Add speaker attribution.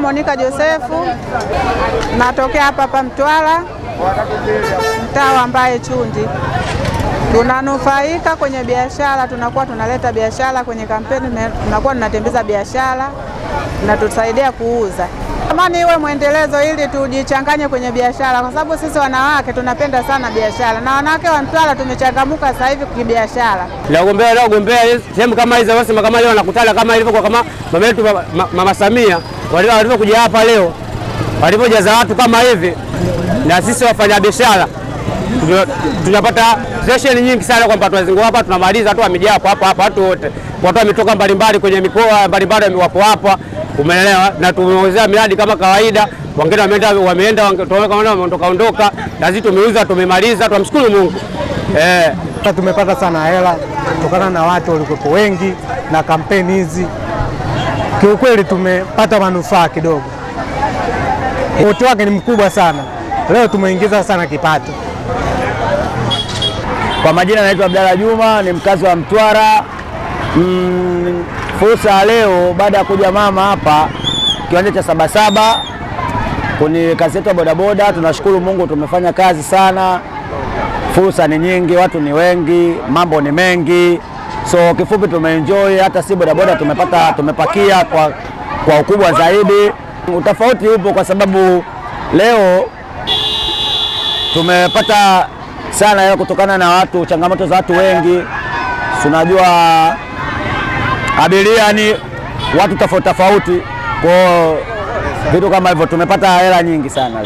Speaker 1: monika Josefu, natokea hapa hapa Mtwara, mtaa wa Mbae Chundi. Tunanufaika kwenye biashara, tunakuwa tunaleta biashara kwenye kampeni, tunakuwa tunatembeza biashara, natusaidia kuuza natamani iwe mwendelezo ili tujichanganye kwenye biashara, kwa sababu sisi wanawake tunapenda sana biashara na wanawake wa Mtwara tumechangamuka sasa hivi kibiashara.
Speaker 2: Nagombea gombea sehemu kama hizo, basi kama leo nakutana kama ilivyokuwa kama mama yetu mama Samia walivyokuja hapa leo, walivyojaza watu kama hivi, na sisi wafanya biashara tunapata stesheni nyingi sana kwamba watu wazingo hapa tunamaliza tu, wamejaa hapa hapa, watu wote, watu wametoka mbalimbali kwenye mikoa mbalimbali, wapo hapa umeelewa, na tumeongezea miradi kama kawaida. Wengine wameenda wameenda, wametoka ondoka, na sisi tumeuza, tumemaliza, tumshukuru Mungu
Speaker 3: eh. Tumepata sana hela kutokana na watu walikuwepo wengi na kampeni hizi, kiukweli tumepata manufaa kidogo. Wote wake ni mkubwa sana, leo tumeingiza sana kipato.
Speaker 4: Kwa majina naitwa Abdalla Juma, ni mkazi wa Mtwara mm fursa ya leo, baada ya kuja mama hapa kiwanja cha Sabasaba kwenye kazi yetu ya bodaboda, tunashukuru Mungu tumefanya kazi sana. Fursa ni nyingi, watu ni wengi, mambo ni mengi, so kifupi tumeenjoy. Hata si bodaboda tumepata, tumepakia kwa, kwa ukubwa zaidi. Utofauti upo kwa sababu leo tumepata sana kutokana na watu, changamoto za watu wengi, tunajua abiria ni watu tofauti tofauti, kwa vitu kama hivyo. Tumepata hela nyingi sana